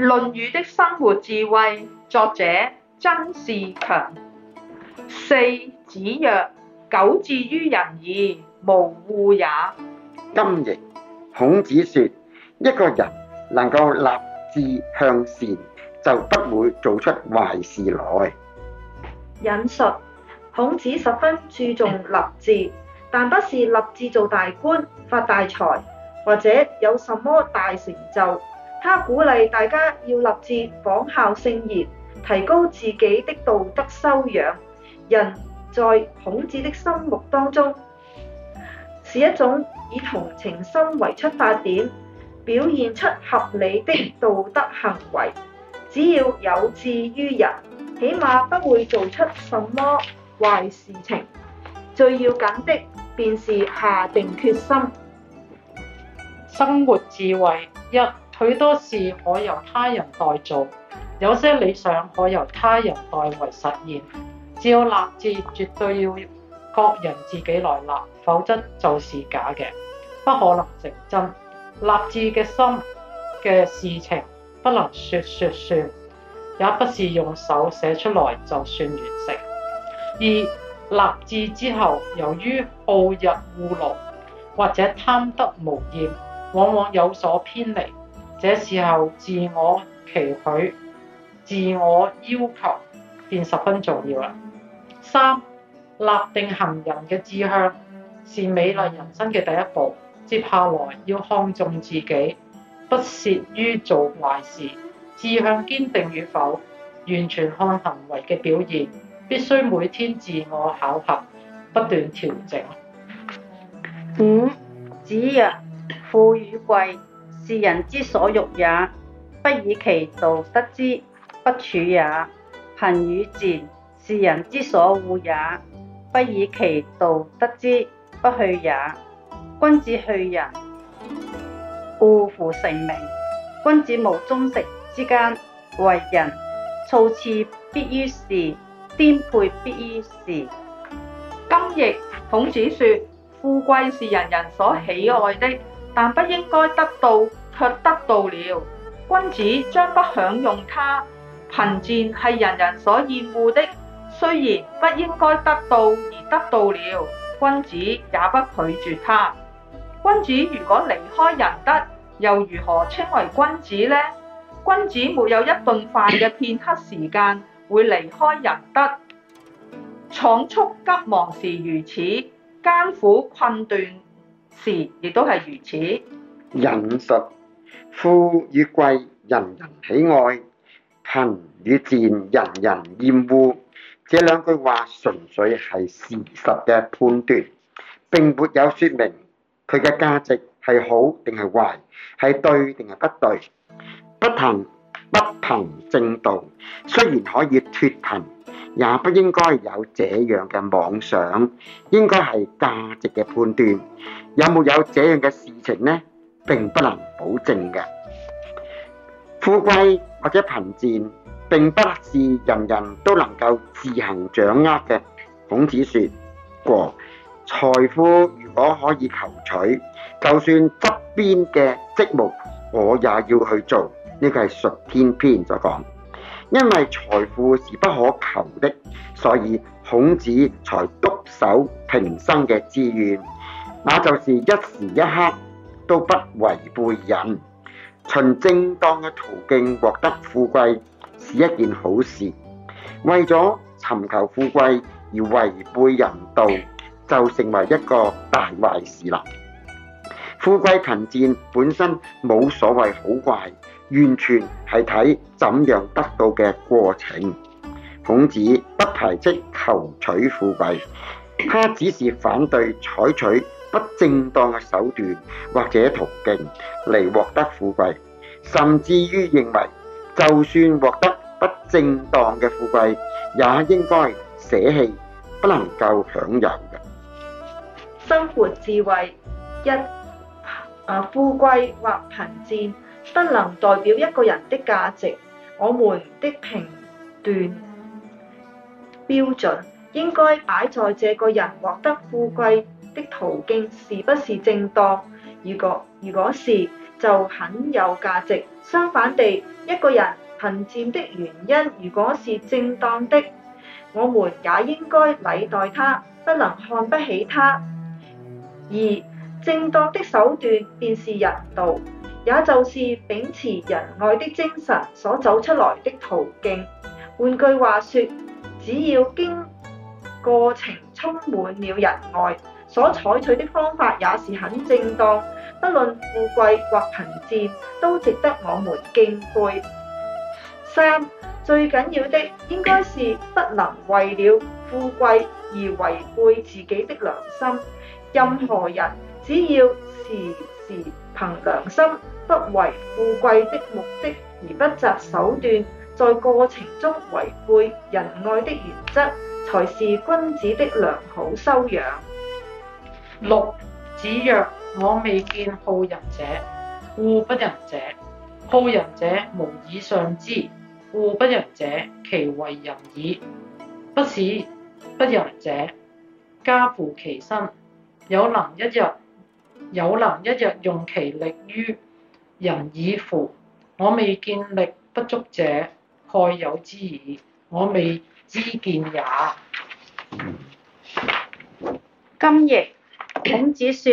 《論語》的生活智慧，作者曾仕強。四子曰：人「苟志於仁矣，無惡也。」今譯孔子說：一個人能夠立志向善，就不會做出壞事來。引述孔子十分注重立志，但不是立志做大官、發大財或者有什麼大成就。他鼓勵大家要立志仿效聖賢，提高自己的道德修養。仁在孔子的心目當中，是一種以同情心為出發點，表現出合理的道德行為。只要有志於仁，起碼不會做出什麼壞事情。最要緊的，便是下定決心。生活智慧一。許多事可由他人代做，有些理想可由他人代為實現。只有立志，絕對要各人自己來立，否則就是假嘅，不可能成真。立志嘅心嘅事情，不能説説算，也不是用手寫出來就算完成。而立志之後，由於好逸惡勞或者貪得無厭，往往有所偏離。這時候自我期許、自我要求便十分重要啦。三、立定行人嘅志向，是美麗人生嘅第一步。接下來要看重自己，不屑於做壞事。志向堅定與否，完全看行為嘅表現。必須每天自我考核，不斷調整。五、嗯，子曰：富與貴。是人之所欲也，不以其道得之，不處也。貧與賤，是人之所惡也，不以其道得之，不去也。君子去人，故乎成名。君子無終食之間，為人，造次必於是，顛沛必於是。今譯孔子說：富貴是人人所喜愛的，但不應該得到。卻得到了，君子將不享用它。貧賤係人人所厭惡的，雖然不應該得到而得到了，君子也不拒絕它。君子如果離開仁德，又如何稱為君子呢？君子沒有一頓飯嘅片刻時間會離開仁德。倉促急忙時如此，艱苦困頓時亦都係如此。忍實。富與貴，人人喜愛；貧與賤，人人厭惡。這兩句話純粹係事實嘅判斷，並沒有說明佢嘅價值係好定係壞，係對定係不對。不貧不憑正道，雖然可以脫貧，也不應該有這樣嘅妄想。應該係價值嘅判斷，有冇有，有這樣嘅事情呢？並不能保證嘅富貴或者貧賤，並不是人人都能夠自行掌握嘅。孔子說過，財富如果可以求取，就算執鞭嘅職務，我也要去做。呢個係《述而篇》所講，因為財富是不可求的，所以孔子才獨守平生嘅志願，那就是一時一刻。都不違背人，循正當嘅途徑獲得富貴是一件好事。為咗尋求富貴而違背人道，就成為一個大壞事啦。富貴貧賤本身冇所謂好壞，完全係睇怎樣得到嘅過程。孔子不排斥求取富貴，他只是反對採取。不正當嘅手段或者途徑嚟獲得富貴，甚至於認為就算獲得不正當嘅富貴，也應該捨棄，不能夠享有嘅生活智慧。一啊，富貴或貧賤不能代表一個人嘅價值，我們的評斷標準應該擺在這個人獲得富貴。的途徑是不是正當？如果如果是，就很有價值。相反地，一個人貧賤的原因如果是正當的，我們也應該禮待他，不能看不起他。而正當的手段便是人道，也就是秉持仁愛的精神所走出來的途徑。換句話說，只要經過程充滿了仁愛。所採取的方法也是很正當，不論富貴或貧賤，都值得我們敬佩。三、最緊要的應該是不能為了富貴而違背自己的良心。任何人只要時時憑良心，不為富貴的目的而不擇手段，在過程中違背仁愛的原則，才是君子的良好修養。六子曰：我未見好仁者，故不仁者；好仁者無以尚之，故不仁者其為仁矣，不使不仁者加乎其身。有能一日有能一日用其力於仁矣乎？我未見力不足者，蓋有之矣。我未知見也。今亦。孔子說：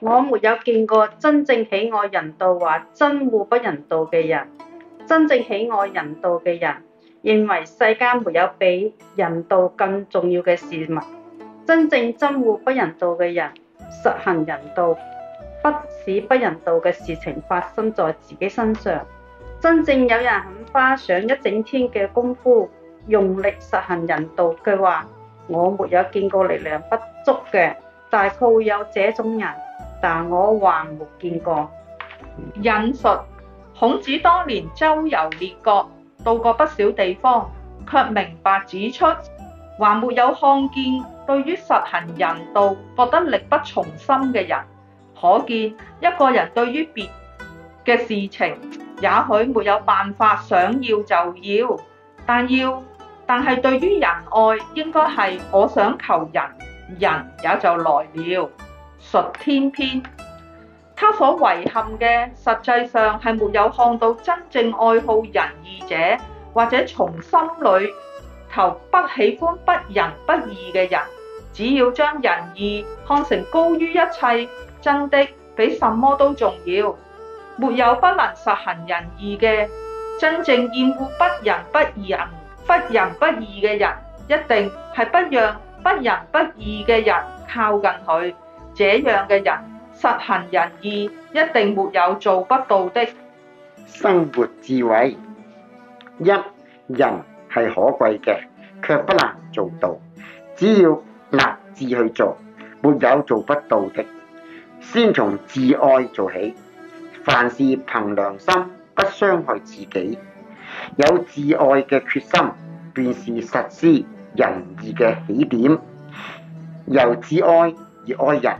我沒有見過真正喜愛仁道或真護不仁道嘅人。真正喜愛仁道嘅人，認為世間沒有比仁道更重要嘅事物。真正真護不仁道嘅人，實行仁道，不使不仁道嘅事情發生在自己身上。真正有人肯花上一整天嘅功夫，用力實行仁道嘅話，我沒有見過力量不足嘅。大概會有這種人，但我還沒見過。引述孔子當年周遊列國，到過不少地方，卻明白指出，還沒有看見對於實行仁道覺得力不從心嘅人。可見一個人對於別嘅事情，也許沒有辦法想要就要，但要，但係對於仁愛，應該係我想求仁」。人也就來了，《述天篇》他所遺憾嘅，實際上係沒有看到真正愛好仁義者，或者從心裏頭不喜歡不仁不義嘅人。只要將仁義看成高於一切，真的比什麼都重要。沒有不能實行仁義嘅，真正厭惡不仁不義、不仁不義嘅人，一定係不讓，不仁不義嘅人靠近佢，這樣嘅人實行仁義，一定沒有做不到的。生活智慧，一人係可貴嘅，卻不能做到，只要立志去做，沒有做不到的。先從自愛做起，凡事憑良心，不傷害自己，有自愛嘅決心，便是實施。仁義嘅起點，由自愛而愛人，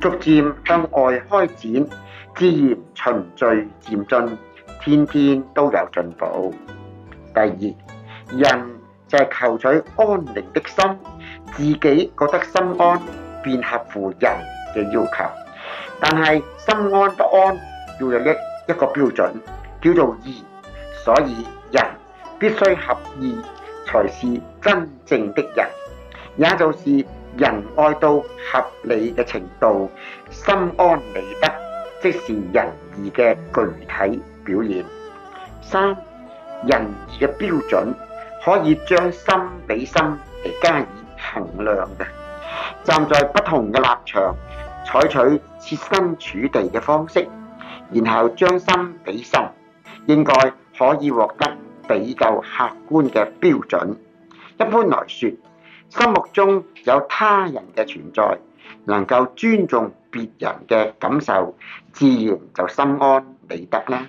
逐漸向外開展，自然循序漸進，天天都有進步。第二，仁就係求取安寧的心，自己覺得心安，便合乎仁嘅要求。但係心安不安，要有一一個標準，叫做義，所以仁必須合義。才是真正的人，也就是仁愛到合理嘅程度，心安理得，即是仁義嘅具體表現。三，仁義嘅標準可以將心比心嚟加以衡量嘅，站在不同嘅立場，採取設身處地嘅方式，然後將心比心，應該可以獲得。比較客觀嘅標準，一般來說，心目中有他人嘅存在，能夠尊重別人嘅感受，自然就心安理得啦。